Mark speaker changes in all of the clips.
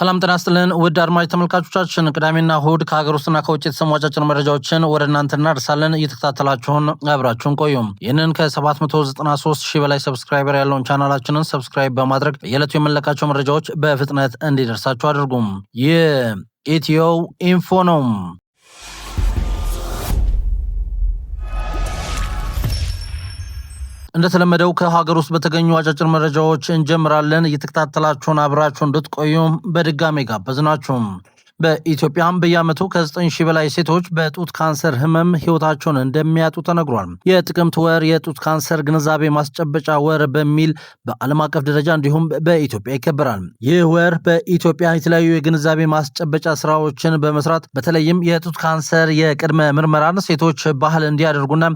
Speaker 1: ሰላም ጤና ይስጥልን ውድ አድማጭ ተመልካቾቻችን፣ ቅዳሜና እሁድ ከሀገር ውስጥና ከውጭ የተሰሙ አጫጭር መረጃዎችን ወደ እናንተ እናደርሳለን። እየተከታተላችሁን አብራችሁን ቆዩም። ይህንን ከ793 ሺህ በላይ ሰብስክራይበር ያለውን ቻናላችንን ሰብስክራይብ በማድረግ በየዕለቱ የመለቃቸው መረጃዎች በፍጥነት እንዲደርሳችሁ አድርጉም። ይህ ኢትዮ ኢንፎ ነው። እንደተለመደው ከሀገር ውስጥ በተገኙ አጫጭር መረጃዎች እንጀምራለን። እየተከታተላችሁን አብራችሁ እንድትቆዩም በድጋሜ ጋበዝ ናችሁ። በኢትዮጵያም በየዓመቱ ከ9 ሺህ በላይ ሴቶች በጡት ካንሰር ህመም ህይወታቸውን እንደሚያጡ ተነግሯል። የጥቅምት ወር የጡት ካንሰር ግንዛቤ ማስጨበጫ ወር በሚል በዓለም አቀፍ ደረጃ እንዲሁም በኢትዮጵያ ይከበራል። ይህ ወር በኢትዮጵያ የተለያዩ የግንዛቤ ማስጨበጫ ስራዎችን በመስራት በተለይም የጡት ካንሰር የቅድመ ምርመራን ሴቶች ባህል እንዲያደርጉና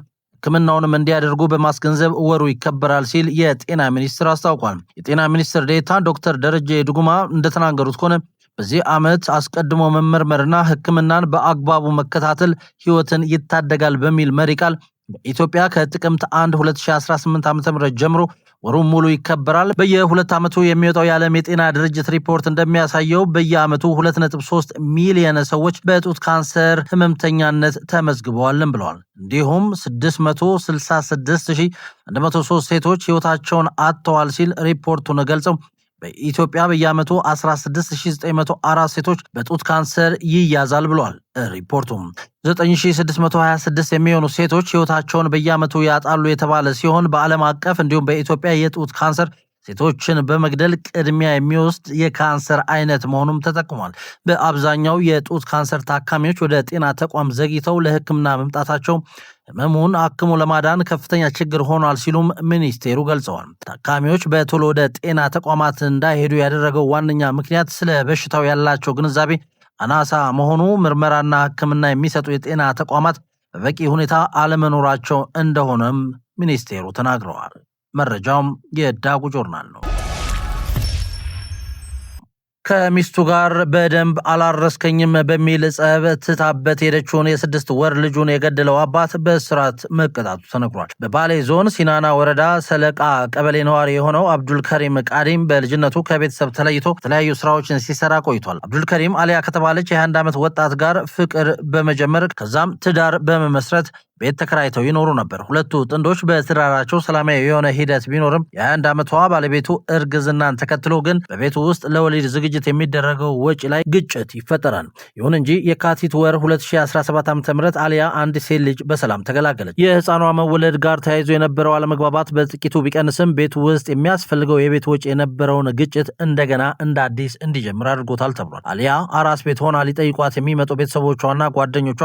Speaker 1: ሕክምናውንም እንዲያደርጉ በማስገንዘብ ወሩ ይከበራል ሲል የጤና ሚኒስቴር አስታውቋል። የጤና ሚኒስትር ዴታ ዶክተር ደረጀ ዱጉማ እንደተናገሩት ከሆነ በዚህ ዓመት አስቀድሞ መመርመርና ሕክምናን በአግባቡ መከታተል ሕይወትን ይታደጋል በሚል መሪ ቃል በኢትዮጵያ ከጥቅምት 1 2018 ዓ ም ጀምሮ ወሩም ሙሉ ይከበራል። በየሁለት ዓመቱ የሚወጣው የዓለም የጤና ድርጅት ሪፖርት እንደሚያሳየው በየዓመቱ 2.3 ሚሊየን ሰዎች በጡት ካንሰር ህመምተኛነት ተመዝግበዋልን ብለዋል። እንዲሁም 666103 ሴቶች ህይወታቸውን አጥተዋል ሲል ሪፖርቱን ገልጸው በኢትዮጵያ በየዓመቱ 16904 ሴቶች በጡት ካንሰር ይያዛል ብሏል ሪፖርቱም። 9626 የሚሆኑ ሴቶች ሕይወታቸውን በየዓመቱ ያጣሉ የተባለ ሲሆን በዓለም አቀፍ እንዲሁም በኢትዮጵያ የጡት ካንሰር ሴቶችን በመግደል ቅድሚያ የሚወስድ የካንሰር አይነት መሆኑም ተጠቅሟል። በአብዛኛው የጡት ካንሰር ታካሚዎች ወደ ጤና ተቋም ዘግይተው ለሕክምና መምጣታቸው ህመሙን አክሞ ለማዳን ከፍተኛ ችግር ሆኗል ሲሉም ሚኒስቴሩ ገልጸዋል። ታካሚዎች በቶሎ ወደ ጤና ተቋማት እንዳይሄዱ ያደረገው ዋነኛ ምክንያት ስለ በሽታው ያላቸው ግንዛቤ አናሳ መሆኑ፣ ምርመራና ህክምና የሚሰጡ የጤና ተቋማት በበቂ ሁኔታ አለመኖራቸው እንደሆነም ሚኒስቴሩ ተናግረዋል። መረጃውም የዳጉ ጆርናል ነው። ከሚስቱ ጋር በደንብ አላረስከኝም በሚል ጸብ ትታበት ሄደችውን የስድስት ወር ልጁን የገደለው አባት በእስራት መቀጣቱ ተነግሯል። በባሌ ዞን ሲናና ወረዳ ሰለቃ ቀበሌ ነዋሪ የሆነው አብዱልከሪም ቃዲም በልጅነቱ ከቤተሰብ ተለይቶ የተለያዩ ስራዎችን ሲሰራ ቆይቷል። አብዱልከሪም አሊያ ከተባለች የ21 ዓመት ወጣት ጋር ፍቅር በመጀመር ከዛም ትዳር በመመስረት ቤት ተከራይተው ይኖሩ ነበር። ሁለቱ ጥንዶች በትዳራቸው ሰላማዊ የሆነ ሂደት ቢኖርም የ21 ዓመቷ ባለቤቱ እርግዝናን ተከትሎ ግን በቤቱ ውስጥ ለወሊድ ዝግጅት የሚደረገው ወጪ ላይ ግጭት ይፈጠራል። ይሁን እንጂ የካቲት ወር 2017 ዓ ም አሊያ አንድ ሴት ልጅ በሰላም ተገላገለች። የህፃኗ መወለድ ጋር ተያይዞ የነበረው አለመግባባት በጥቂቱ ቢቀንስም ቤቱ ውስጥ የሚያስፈልገው የቤት ወጪ የነበረውን ግጭት እንደገና እንደ አዲስ እንዲጀምር አድርጎታል ተብሏል። አሊያ አራስ ቤት ሆና ሊጠይቋት የሚመጡ ቤተሰቦቿና ጓደኞቿ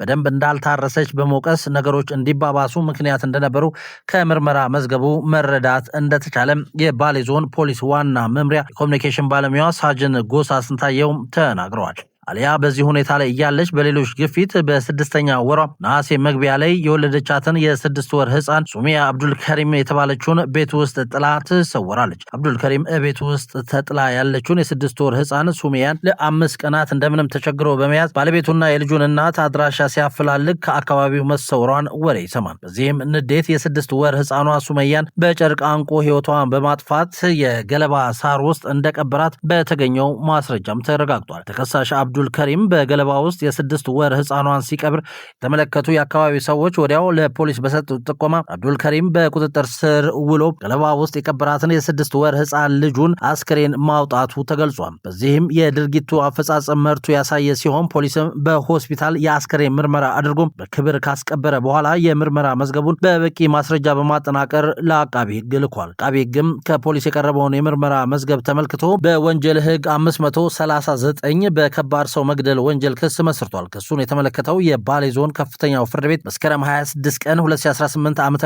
Speaker 1: በደንብ እንዳልታረሰች በመውቀ መቀስቀስ ነገሮች እንዲባባሱ ምክንያት እንደነበሩ ከምርመራ መዝገቡ መረዳት እንደተቻለ የባሌ ዞን ፖሊስ ዋና መምሪያ ኮሚኒኬሽን ባለሙያ ሳጅን ጎሳ ስንታየውም ተናግረዋል። አሊያ በዚህ ሁኔታ ላይ እያለች በሌሎች ግፊት በስድስተኛ ወሯ ነሐሴ መግቢያ ላይ የወለደቻትን የስድስት ወር ህፃን አብዱል አብዱልከሪም የተባለችውን ቤት ውስጥ ጥላ ትሰወራለች። አብዱልከሪም ቤት ውስጥ ተጥላ ያለችውን የስድስት ወር ህፃን ሱሚያን ለአምስት ቀናት እንደምንም ተቸግሮ በመያዝ ባለቤቱና የልጁን እናት አድራሻ ሲያፈላልግ ከአካባቢው መሰውሯን ወሬ ይሰማል። በዚህም ንዴት የስድስት ወር ህፃኗ ሱመያን በጨርቅ አንቆ ህይወቷን በማጥፋት የገለባ ሳር ውስጥ እንደቀበራት በተገኘው ማስረጃም ተረጋግጧል። ተከሳሽ አብዱል ከሪም በገለባ ውስጥ የስድስት ወር ህፃኗን ሲቀብር የተመለከቱ የአካባቢ ሰዎች ወዲያው ለፖሊስ በሰጡት ጥቆማ አብዱል ከሪም በቁጥጥር ስር ውሎ ገለባ ውስጥ የቀበራትን የስድስት ወር ህፃን ልጁን አስክሬን ማውጣቱ ተገልጿል። በዚህም የድርጊቱ አፈጻጸም መርቱ ያሳየ ሲሆን ፖሊስም በሆስፒታል የአስክሬን ምርመራ አድርጎ በክብር ካስቀበረ በኋላ የምርመራ መዝገቡን በበቂ ማስረጃ በማጠናቀር ለአቃቢ ህግ ልኳል። አቃቢ ህግም ከፖሊስ የቀረበውን የምርመራ መዝገብ ተመልክቶ በወንጀል ህግ 539 በከባድ በተግባር ሰው መግደል ወንጀል ክስ መስርቷል። ክሱን የተመለከተው የባሌ ዞን ከፍተኛው ፍርድ ቤት መስከረም 26 ቀን 2018 ዓ ም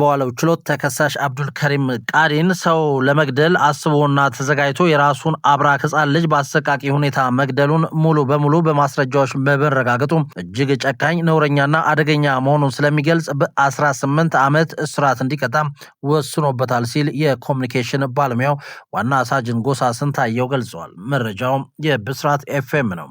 Speaker 1: በዋለው ችሎት ተከሳሽ አብዱል ከሪም ቃዲን ሰው ለመግደል አስቦና ተዘጋጅቶ የራሱን አብራክ ሕፃን ልጅ በአሰቃቂ ሁኔታ መግደሉን ሙሉ በሙሉ በማስረጃዎች በመረጋገጡ እጅግ ጨካኝ ነውረኛና አደገኛ መሆኑን ስለሚገልጽ በ18 ዓመት እስራት እንዲቀጣ ወስኖበታል ሲል የኮሚኒኬሽን ባለሙያው ዋና ሳጅን ጎሳ ስንታየው ገልጸዋል። መረጃውም የብስራት ኤፍኤም ነው።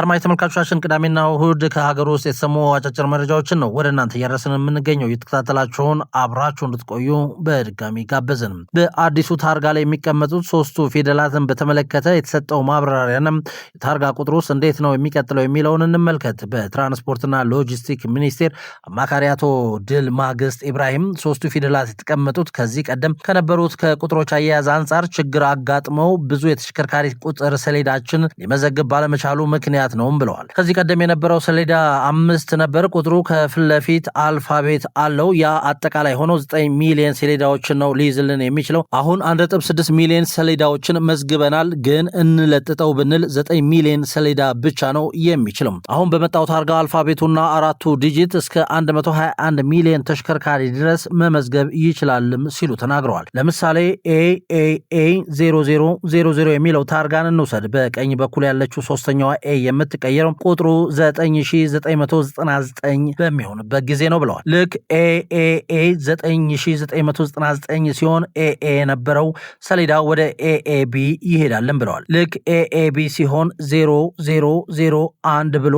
Speaker 1: አርማ የተመልካቾቻችን ቅዳሜና እሁድ ከሀገር ውስጥ የተሰሙ አጫጭር መረጃዎችን ነው ወደ እናንተ እያደረስን የምንገኘው። የተከታተላችሁን አብራችሁ እንድትቆዩ በድጋሚ ጋበዝን። በአዲሱ ታርጋ ላይ የሚቀመጡት ሶስቱ ፊደላትን በተመለከተ የተሰጠው ማብራሪያንም ታርጋ ቁጥር ውስጥ እንዴት ነው የሚቀጥለው የሚለውን እንመልከት። በትራንስፖርትና ሎጂስቲክ ሚኒስቴር አማካሪ አቶ ድል ማግስት ኢብራሂም ሶስቱ ፊደላት የተቀመጡት ከዚህ ቀደም ከነበሩት ከቁጥሮች አያያዝ አንጻር ችግር አጋጥመው ብዙ የተሽከርካሪ ቁጥር ሰሌዳችን ሊመዘግብ ባለመቻሉ ምክንያት ምክንያት ነውም ብለዋል። ከዚህ ቀደም የነበረው ሰሌዳ አምስት ነበር። ቁጥሩ ከፊት ለፊት አልፋቤት አለው። ያ አጠቃላይ ሆኖ 9 ሚሊዮን ሰሌዳዎችን ነው ሊይዝልን የሚችለው። አሁን 1.6 ሚሊዮን ሰሌዳዎችን መዝግበናል፣ ግን እንለጥጠው ብንል 9 ሚሊዮን ሰሌዳ ብቻ ነው የሚችለው። አሁን በመጣው ታርጋ አልፋቤቱና አራቱ ዲጂት እስከ 121 ሚሊዮን ተሽከርካሪ ድረስ መመዝገብ ይችላልም ሲሉ ተናግረዋል። ለምሳሌ ኤኤኤ 0000 የሚለው ታርጋን እንውሰድ። በቀኝ በኩል ያለችው ሶስተኛዋ ኤ የምትቀየረው ቁጥሩ 9999 በሚሆንበት ጊዜ ነው ብለዋል። ልክ ኤኤኤ 9999 ሲሆን ኤኤ የነበረው ሰሌዳ ወደ ኤኤቢ ይሄዳልን ብለዋል። ልክ ኤኤቢ ሲሆን 0001 ብሎ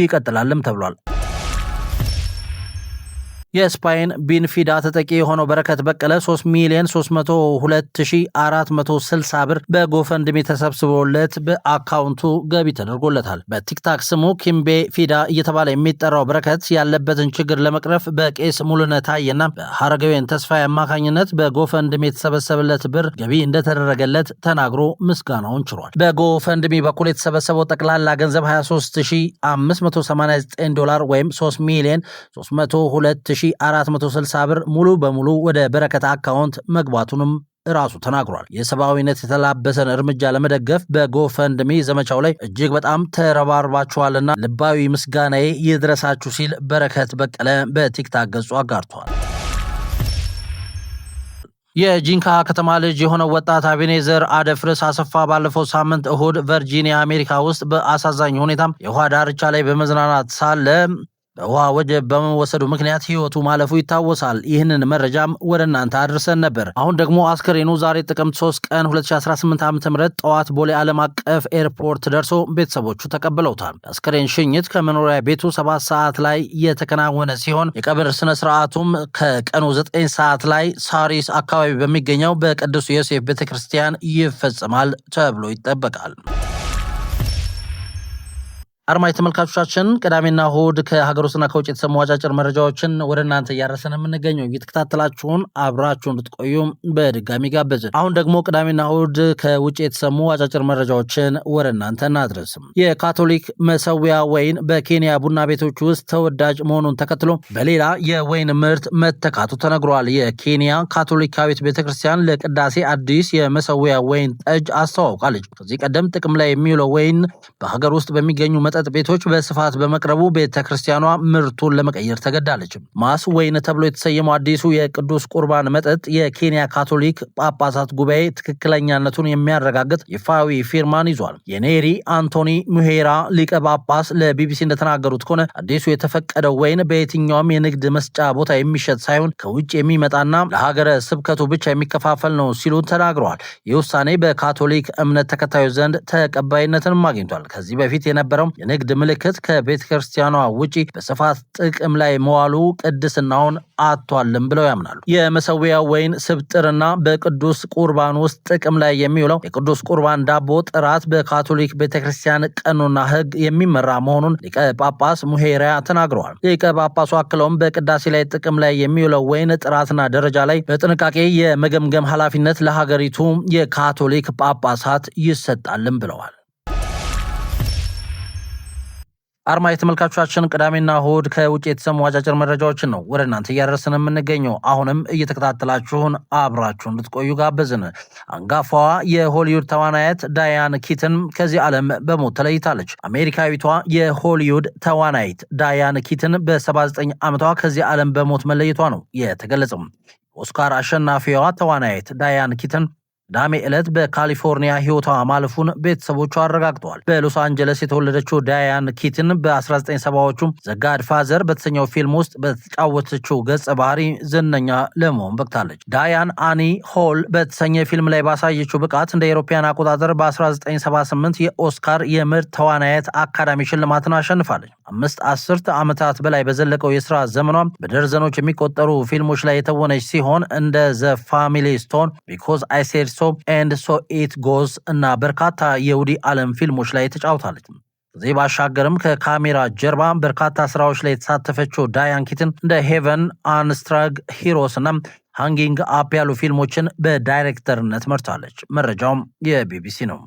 Speaker 1: ይቀጥላልም ተብሏል። የስፓይን ቢንፊዳ ተጠቂ የሆነው በረከት በቀለ 3 ሚሊዮን 302460 ብር በጎፈንድሚ ተሰብስቦለት በአካውንቱ ገቢ ተደርጎለታል። በቲክታክ ስሙ ኪምቤ ፊዳ እየተባለ የሚጠራው በረከት ያለበትን ችግር ለመቅረፍ በቄስ ሙሉነት ታየና በሀረገዌን ተስፋዬ አማካኝነት በጎፈንድሚ የተሰበሰበለት ብር ገቢ እንደተደረገለት ተናግሮ ምስጋናውን ችሯል። በጎፈንድሚ በኩል የተሰበሰበው ጠቅላላ ገንዘብ 23589 ዶላር ወይም 3 ሚሊዮን 302 1460 ብር ሙሉ በሙሉ ወደ በረከታ አካውንት መግባቱንም ራሱ ተናግሯል። የሰብአዊነት የተላበሰን እርምጃ ለመደገፍ በጎፈንድሚ ዘመቻው ላይ እጅግ በጣም ተረባርባችኋልና ልባዊ ምስጋናዬ ይድረሳችሁ ሲል በረከት በቀለ በቲክታክ ገጹ አጋርቷል። የጂንካ ከተማ ልጅ የሆነው ወጣት አቤኔዘር አደፍርስ አሰፋ ባለፈው ሳምንት እሁድ ቨርጂኒያ አሜሪካ ውስጥ በአሳዛኝ ሁኔታም የውሃ ዳርቻ ላይ በመዝናናት ሳለ በውሃ ወጀብ በመወሰዱ ምክንያት ሕይወቱ ማለፉ ይታወሳል። ይህንን መረጃም ወደ እናንተ አድርሰን ነበር። አሁን ደግሞ አስከሬኑ ዛሬ ጥቅምት 3 ቀን 2018 ዓ ም ጠዋት ቦሌ ዓለም አቀፍ ኤርፖርት ደርሶ ቤተሰቦቹ ተቀብለውታል። የአስከሬን ሽኝት ከመኖሪያ ቤቱ 7 ሰዓት ላይ የተከናወነ ሲሆን የቀብር ስነ ስርዓቱም ከቀኑ 9 ሰዓት ላይ ሳሪስ አካባቢ በሚገኘው በቅዱስ ዮሴፍ ቤተ ክርስቲያን ይፈጽማል ተብሎ ይጠበቃል። አድማጭ ተመልካቾቻችን ቅዳሜና እሁድ ከሀገር ውስጥና ከውጭ የተሰሙ አጫጭር መረጃዎችን ወደ እናንተ እያደረሰን የምንገኘው እየተከታተላችሁን አብራችሁ እንድትቆዩ በድጋሚ ጋበዝን። አሁን ደግሞ ቅዳሜና እሁድ ከውጭ የተሰሙ አጫጭር መረጃዎችን ወደ እናንተ እናድረስም። የካቶሊክ መሰዊያ ወይን በኬንያ ቡና ቤቶች ውስጥ ተወዳጅ መሆኑን ተከትሎ በሌላ የወይን ምርት መተካቱ ተነግሯል። የኬንያ ካቶሊካዊት ቤተክርስቲያን ለቅዳሴ አዲስ የመሰዊያ ወይን ጠጅ አስተዋውቃለች። ከዚህ ቀደም ጥቅም ላይ የሚውለው ወይን በሀገር ውስጥ በሚገኙ መጠ መጠጥ ቤቶች በስፋት በመቅረቡ ቤተ ክርስቲያኗ ምርቱን ለመቀየር ተገዳለች። ማስ ወይን ተብሎ የተሰየመው አዲሱ የቅዱስ ቁርባን መጠጥ የኬንያ ካቶሊክ ጳጳሳት ጉባኤ ትክክለኛነቱን የሚያረጋግጥ ይፋዊ ፊርማን ይዟል። የኔሪ አንቶኒ ሙሄራ ሊቀ ጳጳስ ለቢቢሲ እንደተናገሩት ከሆነ አዲሱ የተፈቀደው ወይን በየትኛውም የንግድ መስጫ ቦታ የሚሸጥ ሳይሆን ከውጭ የሚመጣና ለሀገረ ስብከቱ ብቻ የሚከፋፈል ነው ሲሉ ተናግረዋል። ይህ ውሳኔ በካቶሊክ እምነት ተከታዮች ዘንድ ተቀባይነትንም አግኝቷል። ከዚህ በፊት የነበረው የንግድ ምልክት ከቤተ ክርስቲያኗ ውጪ በስፋት ጥቅም ላይ መዋሉ ቅድስናውን አጥቷልም ብለው ያምናሉ። የመሰዊያ ወይን ስብጥርና በቅዱስ ቁርባን ውስጥ ጥቅም ላይ የሚውለው የቅዱስ ቁርባን ዳቦ ጥራት በካቶሊክ ቤተ ክርስቲያን ቀኖና ሕግ የሚመራ መሆኑን ሊቀ ጳጳስ ሙሄሪያ ተናግረዋል። ሊቀ ጳጳሱ አክለውም በቅዳሴ ላይ ጥቅም ላይ የሚውለው ወይን ጥራትና ደረጃ ላይ በጥንቃቄ የመገምገም ኃላፊነት ለሀገሪቱ የካቶሊክ ጳጳሳት ይሰጣልም ብለዋል። አርማ የተመልካቾቻችን ቅዳሜና እሁድ ከውጭ የተሰሙ አጫጭር መረጃዎችን ነው ወደ እናንተ እያደረስን የምንገኘው። አሁንም እየተከታተላችሁን አብራችሁ እንድትቆዩ ጋበዝን። አንጋፋዋ የሆሊውድ ተዋናየት ዳያን ኪትን ከዚህ ዓለም በሞት ተለይታለች። አሜሪካዊቷ የሆሊውድ ተዋናይት ዳያን ኪትን በ79 ዓመቷ ከዚህ ዓለም በሞት መለየቷ ነው የተገለጸው። ኦስካር አሸናፊዋ ተዋናይት ዳያን ኪትን ቅዳሜ ዕለት በካሊፎርኒያ ሕይወቷ ማለፉን ቤተሰቦቹ አረጋግጠዋል። በሎስ አንጀለስ የተወለደችው ዳያን ኪትን በ1970ዎቹ ዘጋድ ፋዘር በተሰኘው ፊልም ውስጥ በተጫወተችው ገጸ ባህሪ ዝነኛ ለመሆን በቅታለች። ዳያን አኒ ሆል በተሰኘ ፊልም ላይ ባሳየችው ብቃት እንደ ኤሮፓያን አቆጣጠር በ1978 የኦስካር የምርጥ ተዋናየት አካዳሚ ሽልማትን አሸንፋለች። አምስት አስርት ዓመታት በላይ በዘለቀው የስራ ዘመኗ በደርዘኖች የሚቆጠሩ ፊልሞች ላይ የተወነች ሲሆን እንደ ዘ ፋሚሊ ስቶን፣ ቢኮዝ አይሴድ ሶ ኤንድ ሶ ኢት ጎዝ እና በርካታ የውዲ አለም ፊልሞች ላይ ተጫውታለች። ከዚህ ባሻገርም ከካሜራ ጀርባ በርካታ ስራዎች ላይ የተሳተፈችው ዳያን ኪትን እንደ ሄቨን፣ አንስትራግ ሂሮስ እና ሃንጊንግ አፕ ያሉ ፊልሞችን በዳይሬክተርነት መርታለች። መረጃውም የቢቢሲ ነው።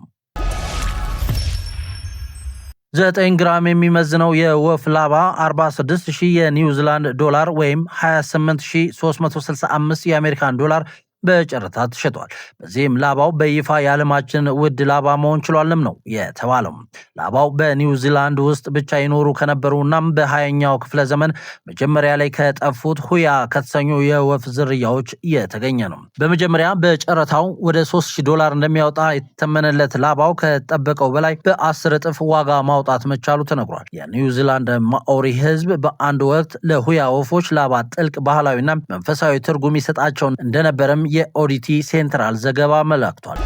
Speaker 1: ዘጠኝ ግራም የሚመዝነው የወፍ ላባ 46 ሺህ የኒውዚላንድ ዶላር ወይም 28365 የአሜሪካን ዶላር በጨረታ ተሸጧል። በዚህም ላባው በይፋ የዓለማችን ውድ ላባ መሆን ችሏልም ነው የተባለው። ላባው በኒውዚላንድ ውስጥ ብቻ ይኖሩ ከነበሩ እናም በሀያኛው ክፍለ ዘመን መጀመሪያ ላይ ከጠፉት ሁያ ከተሰኙ የወፍ ዝርያዎች የተገኘ ነው። በመጀመሪያ በጨረታው ወደ 3000 ዶላር እንደሚያወጣ የተመነለት ላባው ከጠበቀው በላይ በአስር እጥፍ ዋጋ ማውጣት መቻሉ ተነግሯል። የኒውዚላንድ ማኦሪ ህዝብ በአንድ ወቅት ለሁያ ወፎች ላባ ጥልቅ ባህላዊና መንፈሳዊ ትርጉም ይሰጣቸው እንደነበረም የኦዲቲ ሴንትራል ዘገባ መላክቷል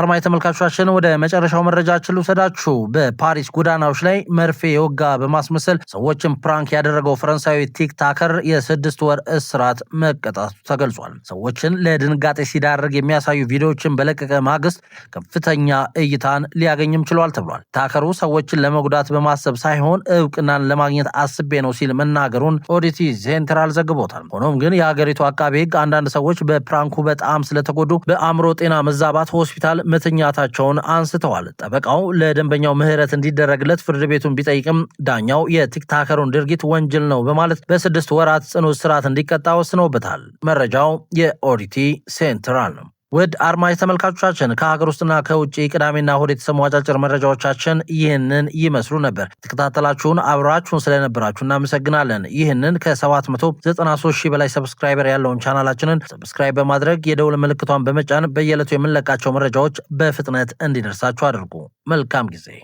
Speaker 1: አርማ የተመልካቾቻችን ወደ መጨረሻው መረጃችን ልውሰዳችሁ። በፓሪስ ጎዳናዎች ላይ መርፌ የወጋ በማስመሰል ሰዎችን ፕራንክ ያደረገው ፈረንሳዊ ቲክታከር የስድስት ወር እስራት መቀጣቱ ተገልጿል። ሰዎችን ለድንጋጤ ሲዳርግ የሚያሳዩ ቪዲዮዎችን በለቀቀ ማግስት ከፍተኛ እይታን ሊያገኝም ችሏል ተብሏል። ታከሩ ሰዎችን ለመጉዳት በማሰብ ሳይሆን እውቅናን ለማግኘት አስቤ ነው ሲል መናገሩን ኦዲቲ ሴንትራል ዘግቦታል። ሆኖም ግን የሀገሪቱ አቃቤ ሕግ አንዳንድ ሰዎች በፕራንኩ በጣም ስለተጎዱ በአእምሮ ጤና መዛባት ሆስፒታል መተኛታቸውን አንስተዋል። ጠበቃው ለደንበኛው ምህረት እንዲደረግለት ፍርድ ቤቱን ቢጠይቅም ዳኛው የቲክታከሩን ድርጊት ወንጀል ነው በማለት በስድስት ወራት ጽኑ እስራት እንዲቀጣ ወስነውበታል። መረጃው የኦዲቲ ሴንትራል ነው። ውድ አድማጭ ተመልካቾቻችን ከሀገር ውስጥና ከውጭ ቅዳሜና እሁድ የተሰሙ አጫጭር መረጃዎቻችን ይህንን ይመስሉ ነበር። ተከታተላችሁን አብራችሁን ስለነበራችሁ እናመሰግናለን። ይህንን ከ793 ሺህ በላይ ሰብስክራይበር ያለውን ቻናላችንን ሰብስክራይብ በማድረግ የደውል ምልክቷን በመጫን በየዕለቱ የምንለቃቸው መረጃዎች በፍጥነት እንዲደርሳችሁ አድርጉ። መልካም ጊዜ